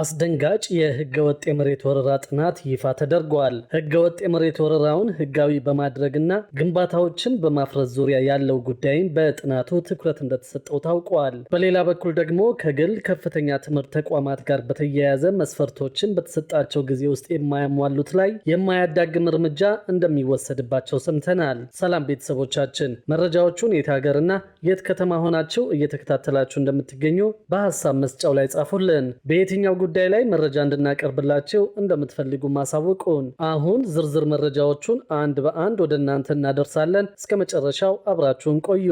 አስደንጋጭ የህገወጥ የመሬት ወረራ ጥናት ይፋ ተደርጓል። ህገወጥ የመሬት ወረራውን ህጋዊ በማድረግና ግንባታዎችን በማፍረስ ዙሪያ ያለው ጉዳይም በጥናቱ ትኩረት እንደተሰጠው ታውቋል። በሌላ በኩል ደግሞ ከግል ከፍተኛ ትምህርት ተቋማት ጋር በተያያዘ መስፈርቶችን በተሰጣቸው ጊዜ ውስጥ የማያሟሉት ላይ የማያዳግም እርምጃ እንደሚወሰድባቸው ሰምተናል። ሰላም ቤተሰቦቻችን፣ መረጃዎቹን የት ሀገርና የት ከተማ ሆናችሁ እየተከታተላችሁ እንደምትገኙ በሀሳብ መስጫው ላይ ጻፉልን። በየትኛው ጉዳይ ላይ መረጃ እንድናቀርብላቸው እንደምትፈልጉ ማሳወቁን። አሁን ዝርዝር መረጃዎቹን አንድ በአንድ ወደ እናንተ እናደርሳለን። እስከ መጨረሻው አብራችሁን ቆዩ።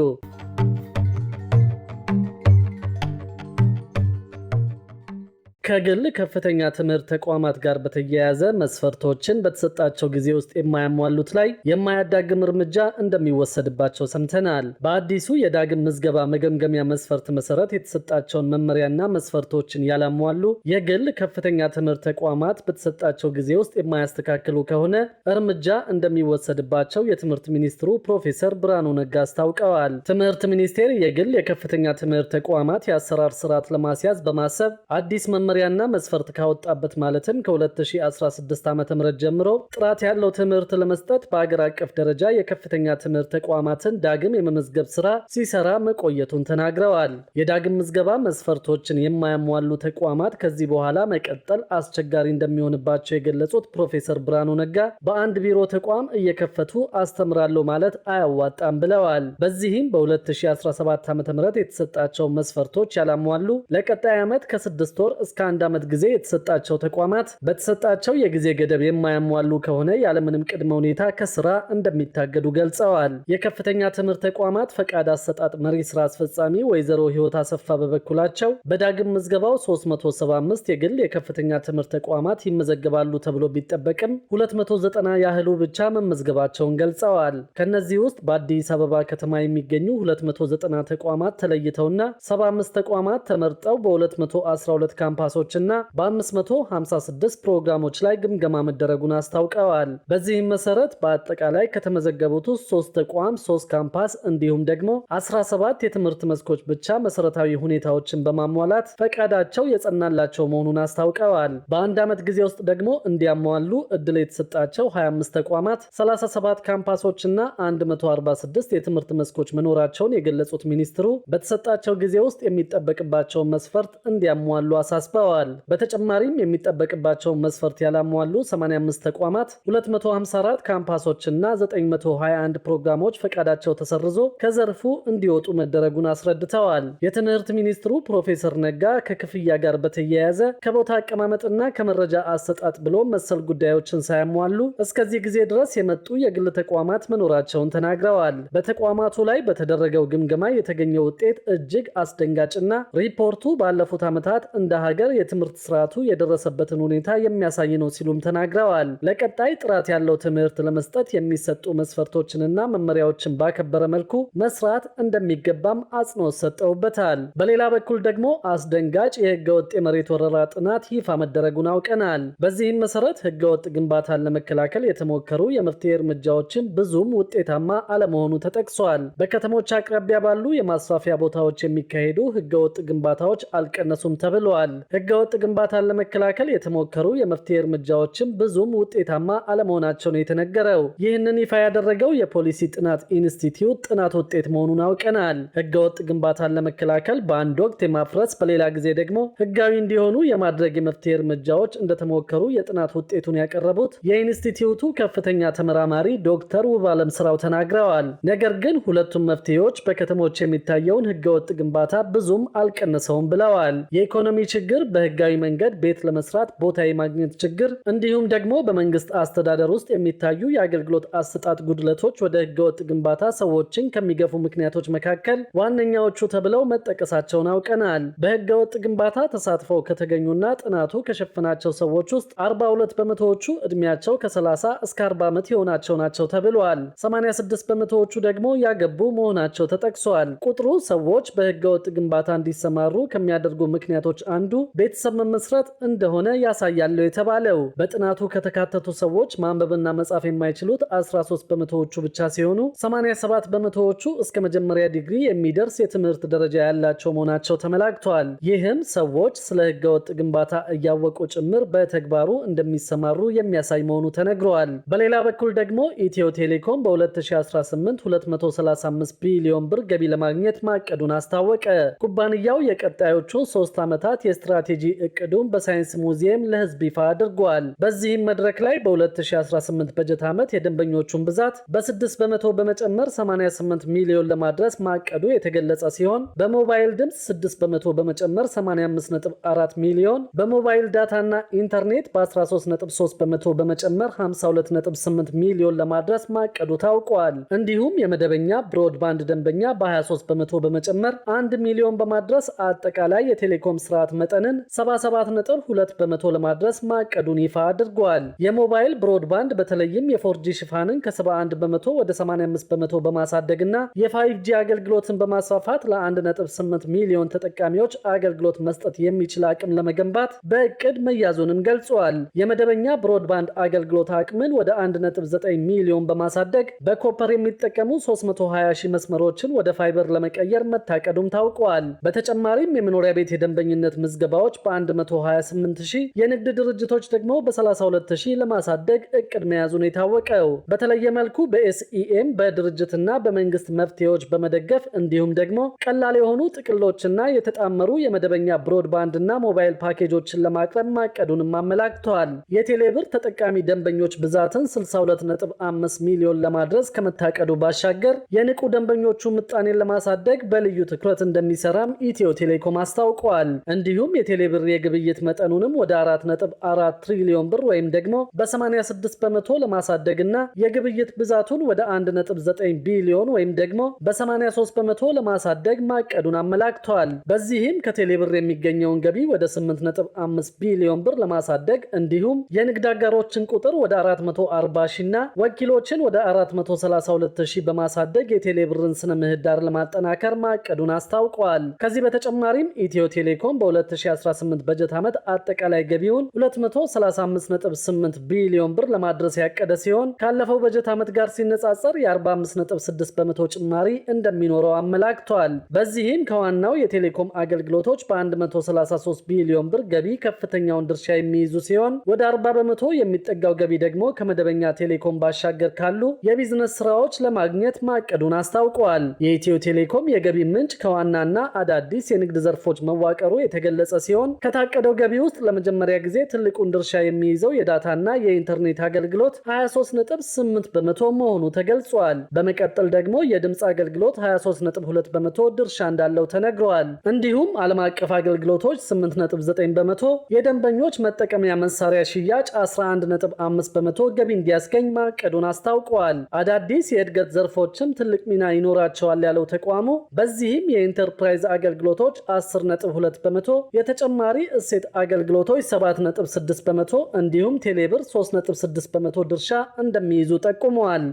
ከግል ከፍተኛ ትምህርት ተቋማት ጋር በተያያዘ መስፈርቶችን በተሰጣቸው ጊዜ ውስጥ የማያሟሉት ላይ የማያዳግም እርምጃ እንደሚወሰድባቸው ሰምተናል። በአዲሱ የዳግም ምዝገባ መገምገሚያ መስፈርት መሰረት የተሰጣቸውን መመሪያና መስፈርቶችን ያላሟሉ የግል ከፍተኛ ትምህርት ተቋማት በተሰጣቸው ጊዜ ውስጥ የማያስተካክሉ ከሆነ እርምጃ እንደሚወሰድባቸው የትምህርት ሚኒስትሩ ፕሮፌሰር ብርሃኑ ነጋ አስታውቀዋል። ትምህርት ሚኒስቴር የግል የከፍተኛ ትምህርት ተቋማት የአሰራር ስርዓት ለማስያዝ በማሰብ አዲስ መመሪያ መመሪያና መስፈርት ካወጣበት ማለትም ከ2016 ዓ ም ጀምሮ ጥራት ያለው ትምህርት ለመስጠት በአገር አቀፍ ደረጃ የከፍተኛ ትምህርት ተቋማትን ዳግም የመመዝገብ ስራ ሲሰራ መቆየቱን ተናግረዋል። የዳግም ምዝገባ መስፈርቶችን የማያሟሉ ተቋማት ከዚህ በኋላ መቀጠል አስቸጋሪ እንደሚሆንባቸው የገለጹት ፕሮፌሰር ብርሃኑ ነጋ በአንድ ቢሮ ተቋም እየከፈቱ አስተምራለሁ ማለት አያዋጣም ብለዋል። በዚህም በ2017 ዓ ም የተሰጣቸው መስፈርቶች ያላሟሉ ለቀጣይ ዓመት ከስድስት ወር እስከ የአንድ ዓመት ጊዜ የተሰጣቸው ተቋማት በተሰጣቸው የጊዜ ገደብ የማያሟሉ ከሆነ ያለምንም ቅድመ ሁኔታ ከስራ እንደሚታገዱ ገልጸዋል። የከፍተኛ ትምህርት ተቋማት ፈቃድ አሰጣጥ መሪ ስራ አስፈጻሚ ወይዘሮ ህይወት አሰፋ በበኩላቸው በዳግም ምዝገባው 375 የግል የከፍተኛ ትምህርት ተቋማት ይመዘገባሉ ተብሎ ቢጠበቅም 290 ያህሉ ብቻ መመዝገባቸውን ገልጸዋል። ከነዚህ ውስጥ በአዲስ አበባ ከተማ የሚገኙ 290 ተቋማት ተለይተውና 75 ተቋማት ተመርጠው በ212 ካምፓ ኳሶችና በ556 ፕሮግራሞች ላይ ግምገማ መደረጉን አስታውቀዋል። በዚህም መሰረት በአጠቃላይ ከተመዘገቡት ውስጥ ሶስት ተቋም፣ ሶስት ካምፓስ እንዲሁም ደግሞ 17 የትምህርት መስኮች ብቻ መሰረታዊ ሁኔታዎችን በማሟላት ፈቃዳቸው የጸናላቸው መሆኑን አስታውቀዋል። በአንድ ዓመት ጊዜ ውስጥ ደግሞ እንዲያሟሉ እድል የተሰጣቸው 25 ተቋማት፣ 37 ካምፓሶችና 146 የትምህርት መስኮች መኖራቸውን የገለጹት ሚኒስትሩ በተሰጣቸው ጊዜ ውስጥ የሚጠበቅባቸውን መስፈርት እንዲያሟሉ አሳስበዋል። ተሳትፈዋል። በተጨማሪም የሚጠበቅባቸውን መስፈርት ያላሟሉ 85 ተቋማት፣ 254 ካምፓሶችና 921 ፕሮግራሞች ፈቃዳቸው ተሰርዞ ከዘርፉ እንዲወጡ መደረጉን አስረድተዋል። የትምህርት ሚኒስትሩ ፕሮፌሰር ነጋ ከክፍያ ጋር በተያያዘ ከቦታ አቀማመጥና ከመረጃ አሰጣጥ ብሎ መሰል ጉዳዮችን ሳያሟሉ እስከዚህ ጊዜ ድረስ የመጡ የግል ተቋማት መኖራቸውን ተናግረዋል። በተቋማቱ ላይ በተደረገው ግምገማ የተገኘው ውጤት እጅግ አስደንጋጭና ሪፖርቱ ባለፉት ዓመታት እንደ ሀገር ነገር የትምህርት ስርዓቱ የደረሰበትን ሁኔታ የሚያሳይ ነው ሲሉም ተናግረዋል። ለቀጣይ ጥራት ያለው ትምህርት ለመስጠት የሚሰጡ መስፈርቶችንና መመሪያዎችን ባከበረ መልኩ መስራት እንደሚገባም አጽንኦት ሰጠውበታል። በሌላ በኩል ደግሞ አስደንጋጭ የህገወጥ የመሬት ወረራ ጥናት ይፋ መደረጉን አውቀናል። በዚህም መሰረት ህገወጥ ግንባታን ለመከላከል የተሞከሩ የመፍትሄ እርምጃዎችን ብዙም ውጤታማ አለመሆኑ ተጠቅሷል። በከተሞች አቅራቢያ ባሉ የማስፋፊያ ቦታዎች የሚካሄዱ ህገወጥ ግንባታዎች አልቀነሱም ተብለዋል። ህገወጥ ግንባታን ለመከላከል የተሞከሩ የመፍትሄ እርምጃዎችም ብዙም ውጤታማ አለመሆናቸው ነው የተነገረው። ይህንን ይፋ ያደረገው የፖሊሲ ጥናት ኢንስቲትዩት ጥናት ውጤት መሆኑን አውቀናል። ህገወጥ ግንባታን ለመከላከል በአንድ ወቅት የማፍረስ በሌላ ጊዜ ደግሞ ህጋዊ እንዲሆኑ የማድረግ የመፍትሄ እርምጃዎች እንደተሞከሩ የጥናት ውጤቱን ያቀረቡት የኢንስቲትዩቱ ከፍተኛ ተመራማሪ ዶክተር ውባለም ስራው ተናግረዋል። ነገር ግን ሁለቱም መፍትሄዎች በከተሞች የሚታየውን ህገወጥ ግንባታ ብዙም አልቀነሰውም ብለዋል። የኢኮኖሚ ችግር በህጋዊ መንገድ ቤት ለመስራት ቦታ የማግኘት ችግር እንዲሁም ደግሞ በመንግስት አስተዳደር ውስጥ የሚታዩ የአገልግሎት አሰጣጥ ጉድለቶች ወደ ህገወጥ ግንባታ ሰዎችን ከሚገፉ ምክንያቶች መካከል ዋነኛዎቹ ተብለው መጠቀሳቸውን አውቀናል። በህገወጥ ግንባታ ተሳትፈው ከተገኙና ጥናቱ ከሸፈናቸው ሰዎች ውስጥ 42 በመቶዎቹ ዕድሜያቸው ከ30 እስከ 40 ዓመት የሆናቸው ናቸው ተብሏል። 86 በመቶዎቹ ደግሞ ያገቡ መሆናቸው ተጠቅሷል። ቁጥሩ ሰዎች በህገወጥ ግንባታ እንዲሰማሩ ከሚያደርጉ ምክንያቶች አንዱ ቤተሰብ መመስረት እንደሆነ ያሳያል የተባለው በጥናቱ ከተካተቱ ሰዎች ማንበብና መጻፍ የማይችሉት 13 በመቶዎቹ ብቻ ሲሆኑ 87 በመቶዎቹ እስከ መጀመሪያ ዲግሪ የሚደርስ የትምህርት ደረጃ ያላቸው መሆናቸው ተመላክቷል። ይህም ሰዎች ስለ ህገወጥ ግንባታ እያወቁ ጭምር በተግባሩ እንደሚሰማሩ የሚያሳይ መሆኑ ተነግረዋል። በሌላ በኩል ደግሞ ኢትዮ ቴሌኮም በ2018 235 ቢሊዮን ብር ገቢ ለማግኘት ማቀዱን አስታወቀ። ኩባንያው የቀጣዮቹ ሶስት ዓመታት የስትራ ስትራቴጂ እቅዱን በሳይንስ ሙዚየም ለህዝብ ይፋ አድርጓል። በዚህም መድረክ ላይ በ2018 በጀት ዓመት የደንበኞቹን ብዛት በ6 በመቶ በመጨመር 88 ሚሊዮን ለማድረስ ማቀዱ የተገለጸ ሲሆን በሞባይል ድምፅ 6 በመቶ በመጨመር 854 ሚሊዮን፣ በሞባይል ዳታና ኢንተርኔት በ133 በመቶ በመጨመር 528 ሚሊዮን ለማድረስ ማቀዱ ታውቋል። እንዲሁም የመደበኛ ብሮድባንድ ደንበኛ በ23 በመቶ በመጨመር 1 ሚሊዮን በማድረስ አጠቃላይ የቴሌኮም ስርዓት መጠንን 77.2 በመቶ ለማድረስ ማቀዱን ይፋ አድርጓል። የሞባይል ብሮድባንድ በተለይም የፎርጂ ሽፋንን ከ71 በመቶ ወደ 85 በመቶ በማሳደግና 5 ጂ አገልግሎትን በማስፋፋት ለ1.8 ሚሊዮን ተጠቃሚዎች አገልግሎት መስጠት የሚችል አቅም ለመገንባት በእቅድ መያዙንም ገልጿል። የመደበኛ ብሮድባንድ አገልግሎት አቅምን ወደ 1.9 ሚሊዮን በማሳደግ በኮፐር የሚጠቀሙ 320 ሺህ መስመሮችን ወደ ፋይበር ለመቀየር መታቀዱም ታውቋል። በተጨማሪም የመኖሪያ ቤት የደንበኝነት ምዝገባዎች ኩባንያዎች በ128 ሺህ የንግድ ድርጅቶች ደግሞ በ32 ሺህ ለማሳደግ እቅድ መያዙን የታወቀው በተለየ መልኩ በኤስኢኤም በድርጅትና በመንግስት መፍትሄዎች በመደገፍ እንዲሁም ደግሞ ቀላል የሆኑ ጥቅሎችና የተጣመሩ የመደበኛ ብሮድባንድና ሞባይል ፓኬጆችን ለማቅረብ ማቀዱንም አመላክተዋል። የቴሌብር ተጠቃሚ ደንበኞች ብዛትን 62.5 ሚሊዮን ለማድረስ ከመታቀዱ ባሻገር የንቁ ደንበኞቹ ምጣኔን ለማሳደግ በልዩ ትኩረት እንደሚሰራም ኢትዮ ቴሌኮም አስታውቋል። እንዲሁም የቴሌ ብር የግብይት መጠኑንም ወደ 4.4 ትሪሊዮን ብር ወይም ደግሞ በ86 በመቶ ለማሳደግ እና የግብይት ብዛቱን ወደ 1.9 ቢሊዮን ወይም ደግሞ በ83 በመቶ ለማሳደግ ማቀዱን አመላክተዋል። በዚህም ከቴሌ ብር የሚገኘውን ገቢ ወደ 8.5 ቢሊዮን ብር ለማሳደግ እንዲሁም የንግድ አጋሮችን ቁጥር ወደ 440 ሺና ወኪሎችን ወደ 432 ሺህ በማሳደግ የቴሌ ብርን ስነ ምህዳር ለማጠናከር ማቀዱን አስታውቋል። ከዚህ በተጨማሪም ኢትዮ ቴሌኮም በ 2018 2018 በጀት ዓመት አጠቃላይ ገቢውን 235.8 ቢሊዮን ብር ለማድረስ ያቀደ ሲሆን ካለፈው በጀት ዓመት ጋር ሲነጻጸር የ45.6 በመቶ ጭማሪ እንደሚኖረው አመላክቷል። በዚህም ከዋናው የቴሌኮም አገልግሎቶች በ133 ቢሊዮን ብር ገቢ ከፍተኛውን ድርሻ የሚይዙ ሲሆን ወደ 40 በመቶ የሚጠጋው ገቢ ደግሞ ከመደበኛ ቴሌኮም ባሻገር ካሉ የቢዝነስ ስራዎች ለማግኘት ማቀዱን አስታውቀዋል። የኢትዮ ቴሌኮም የገቢ ምንጭ ከዋናና አዳዲስ የንግድ ዘርፎች መዋቀሩ የተገለጸ ሲሆን ከታቀደው ገቢ ውስጥ ለመጀመሪያ ጊዜ ትልቁን ድርሻ የሚይዘው የዳታና የኢንተርኔት አገልግሎት 23.8 በመቶ መሆኑ ተገልጿል። በመቀጠል ደግሞ የድምፅ አገልግሎት 23.2 በመቶ ድርሻ እንዳለው ተነግረዋል። እንዲሁም ዓለም አቀፍ አገልግሎቶች 8.9 በመቶ፣ የደንበኞች መጠቀሚያ መሳሪያ ሽያጭ 11.5 በመቶ ገቢ እንዲያስገኝ ማቀዱን አስታውቀዋል። አዳዲስ የእድገት ዘርፎችም ትልቅ ሚና ይኖራቸዋል ያለው ተቋሙ በዚህም የኢንተርፕራይዝ አገልግሎቶች 10.2 በመቶ የተ። ተጨማሪ እሴት አገልግሎቶች 7.6 በመቶ እንዲሁም ቴሌብር 3.6 በመቶ ድርሻ እንደሚይዙ ጠቁመዋል።